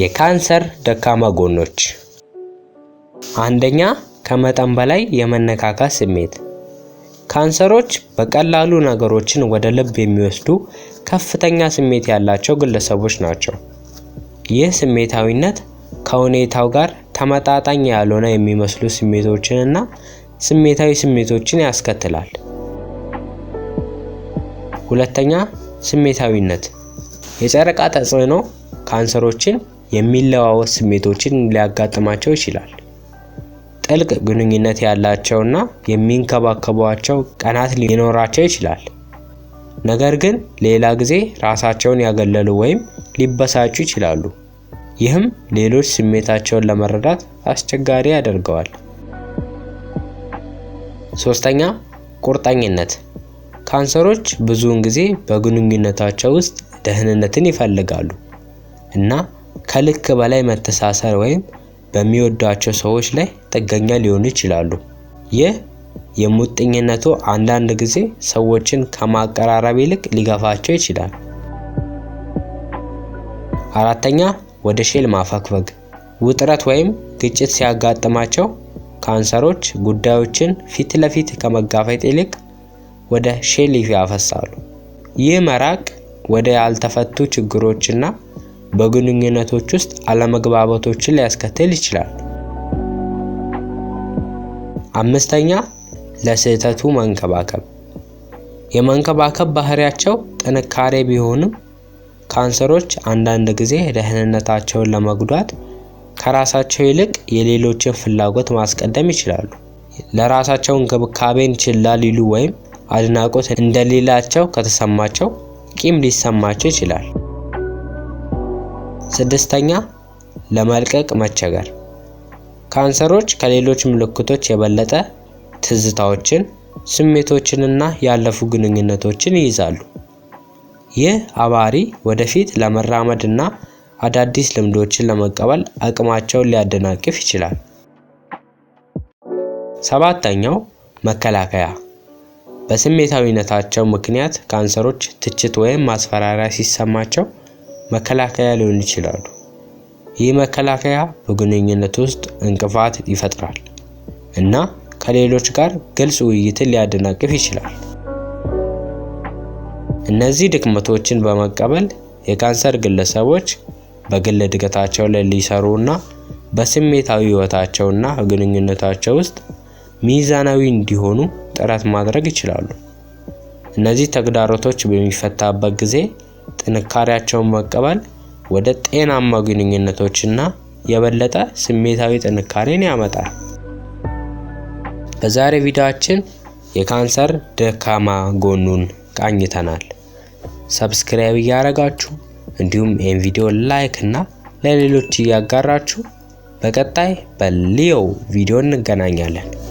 የካንሰር ደካማ ጎኖች አንደኛ፣ ከመጠን በላይ የመነካካት ስሜት። ካንሰሮች በቀላሉ ነገሮችን ወደ ልብ የሚወስዱ ከፍተኛ ስሜት ያላቸው ግለሰቦች ናቸው። ይህ ስሜታዊነት ከሁኔታው ጋር ተመጣጣኝ ያልሆነ የሚመስሉ ስሜቶችንና ስሜታዊ ስሜቶችን ያስከትላል። ሁለተኛ፣ ስሜታዊነት የጨረቃ ተጽዕኖ ካንሰሮችን የሚለዋወጥ ስሜቶችን ሊያጋጥማቸው ይችላል። ጥልቅ ግንኙነት ያላቸውና የሚንከባከቧቸው ቀናት ሊኖራቸው ይችላል። ነገር ግን ሌላ ጊዜ ራሳቸውን ያገለሉ ወይም ሊበሳጩ ይችላሉ። ይህም ሌሎች ስሜታቸውን ለመረዳት አስቸጋሪ ያደርገዋል። ሶስተኛ ቁርጠኝነት። ካንሰሮች ብዙውን ጊዜ በግንኙነታቸው ውስጥ ደህንነትን ይፈልጋሉ እና ከልክ በላይ መተሳሰር ወይም በሚወዷቸው ሰዎች ላይ ጥገኛ ሊሆኑ ይችላሉ። ይህ የሙጥኝነቱ አንዳንድ ጊዜ ሰዎችን ከማቀራረብ ይልቅ ሊገፋቸው ይችላል። አራተኛ ወደ ሼል ማፈግፈግ። ውጥረት ወይም ግጭት ሲያጋጥማቸው ካንሰሮች ጉዳዮችን ፊት ለፊት ከመጋፈጥ ይልቅ ወደ ሼል ያፈሳሉ። ይህ መራቅ ወደ ያልተፈቱ ችግሮችና በግንኙነቶች ውስጥ አለመግባባቶችን ሊያስከትል ይችላል። አምስተኛ ለስህተቱ መንከባከብ። የመንከባከብ ባህሪያቸው ጥንካሬ ቢሆንም ካንሰሮች አንዳንድ ጊዜ ደህንነታቸውን ለመጉዳት ከራሳቸው ይልቅ የሌሎችን ፍላጎት ማስቀደም ይችላሉ። ለራሳቸው እንክብካቤን ችላ ሊሉ ወይም አድናቆት እንደሌላቸው ከተሰማቸው ቂም ሊሰማቸው ይችላል። ስድስተኛ ለመልቀቅ መቸገር። ካንሰሮች ከሌሎች ምልክቶች የበለጠ ትዝታዎችን፣ ስሜቶችንና ያለፉ ግንኙነቶችን ይይዛሉ። ይህ አባሪ ወደፊት ለመራመድ እና አዳዲስ ልምዶችን ለመቀበል አቅማቸውን ሊያደናቅፍ ይችላል። ሰባተኛው መከላከያ። በስሜታዊነታቸው ምክንያት ካንሰሮች ትችት ወይም ማስፈራሪያ ሲሰማቸው መከላከያ ሊሆኑ ይችላሉ። ይህ መከላከያ በግንኙነት ውስጥ እንቅፋት ይፈጥራል እና ከሌሎች ጋር ግልጽ ውይይትን ሊያደናቅፍ ይችላል። እነዚህ ድክመቶችን በመቀበል የካንሰር ግለሰቦች በግል እድገታቸው ላይ ሊሰሩ እና በስሜታዊ ህይወታቸውና ግንኙነታቸው ውስጥ ሚዛናዊ እንዲሆኑ ጥረት ማድረግ ይችላሉ። እነዚህ ተግዳሮቶች በሚፈታበት ጊዜ ጥንካሬያቸውን መቀበል ወደ ጤናማ ግንኙነቶችና የበለጠ ስሜታዊ ጥንካሬን ያመጣል። በዛሬ ቪዲዮአችን የካንሰር ደካማ ጎኑን ቃኝተናል። ሰብስክራይብ እያደረጋችሁ እንዲሁም ይህን ቪዲዮ ላይክ እና ለሌሎች እያጋራችሁ በቀጣይ በሊዮ ቪዲዮ እንገናኛለን።